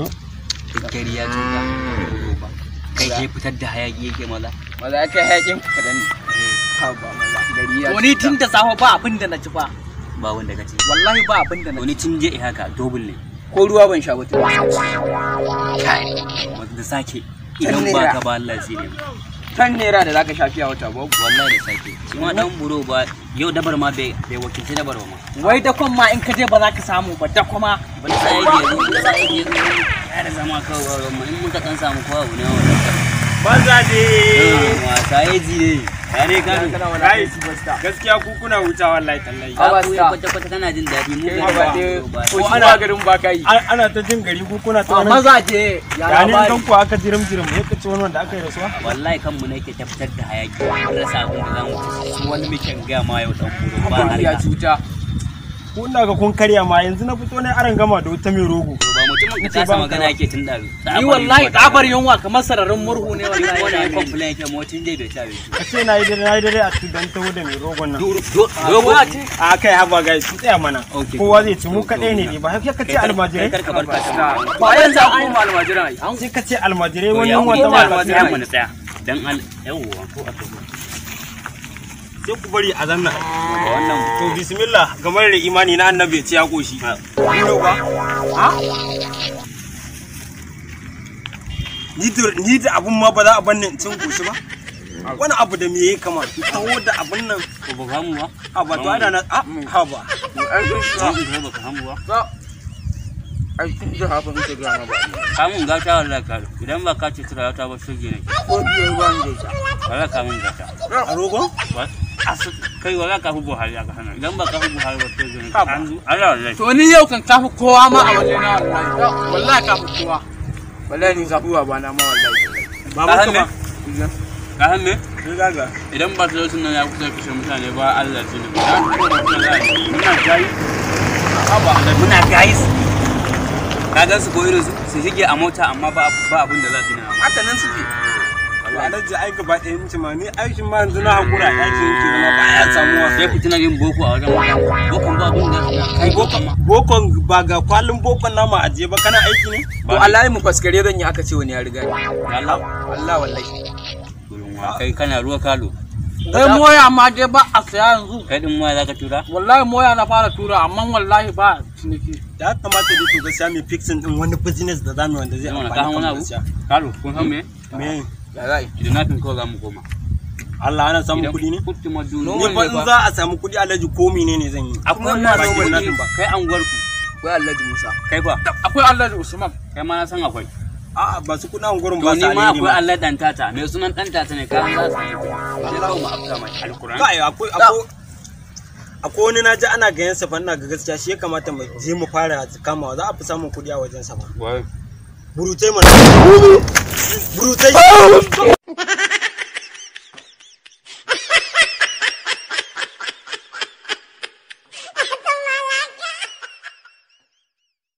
ya tuka mm. kai fitar da hayaki yake maza maza hayakin wani tun da safa ba abin da na ci ba ba wanda wallahi ba abin da na wani tun je haka dobul ne ko ruwa ban sha ba da sake idan ba ka ba Allah sai ne tan naira da zaka shafi a wata ba wallahi da sake Kuma dan buro ba yau dabar ma bai bai wakilci dabar ba ma wai da kon ma in ka je ba za ka samu ba da kuma ba sai ya je ba sai ya yi ya ba zama kawai in muka dan samu kowa ne wannan banza dai wasa yaji ne Yare gado. Gaskiya ku kuna wuta wallahi tallahi. Ba ku kwata kwata kana jin daɗi mu ba. Ko ana garin ba kai. Ana ta jin gari ku kuna ta wani. Ah, maza je. Ya ni dan ku aka jirim jirim ne kace wani wanda aka yi rasuwa. Wallahi kan mu nake tabbatar da hayaki. Rasa abin da zamu ci wani muke ga ma yau dan ku ba har ya cuta. ko ga kun karya ma yanzu na fito ne aran gama da wata mai rogo ba mutumin ka tasa magana yake tun da ni wallahi kafar yunwa kamar sararin murhu ne wallahi wani ya complain yake motin dai bai ta bai a ce na yi dare na yi dare a dan taho da mai rogon nan rogo ah, a ce a ah, kai haba guys ku tsaya mana kowa zai ci mu kadai ne ne ba kai ka ce almajirai kar ka bar ta ba yanzu an koma almajirai sai ka ce almajirai wani yunwa ta almajirai mun tsaya dan al yawwa ko a sai ku bari a zanna wannan To bismillah kamar da imani na annabi ce ya koshi. Ido ba? Ha? Ni da abun ma ba za a bar ni cin koshi ba? Wani abu da me yayi kama? tawo da abun nan. Ko ba gamu ba? A ba to ana na a ha ba. Ai ba ka hamu ba. ai kun ji hafin ta gana ba kamun gata Allah ka idan ba ka ci tura ta ba shoge ne ko biyar ruwan da ita ba ka mun gata a kai idan ba ni yau kan kafu ma a wajen na wallahi kafu nan ya kusa kashe mutane ba Allah ji ne muna gayi muna gayi ka gan su ko irin su shige a mota amma ba abin da za su yi na haka nan suke alhaji ai gaba ɗaya mace ma ni aikin ma yanzu na hakura a yakin yake ba ya samuwa sai fitina yin boko a wajen bokon ba abin kai bokon ba ga kwalin bokon nama a je ba kana aiki ne to Allah mu faskare zan yi aka ce wani ya riga Allah Allah wallahi kai kana ruwa kalo kai eh, moya ma dai ba a saya yanzu kai din moya zaka tura wallahi moya na fara tura amma wallahi ba ciniki ya kamata da ku ga sami din wani business da zamu wanda zai kalo kun san me me ya za na yi kidnapping kawai za mu koma Allah ana samu kuɗi ne? Ni fa in za a samu kuɗi alhaji ko ne ne zan yi? Akwai na zo ba. Kai an ku. Akwai alhaji Musa. Kai ba. Akwai alhaji Usman. Kai ma na san akwai. a ba su kuɗin anguwar ba sa ne. To ni ma akwai Allah dan tata. Me sunan dan tata ne ka za su yi. Allah mu afka mai alkur'ani. Kai akwai akwai akwai wani naji ana gayan sa fanna ga gaskiya shi ya kamata mu je mu fara kamawa za a fi samun kuɗi a wajen sa ba. Wai. Burutai mana. 무릎 떼.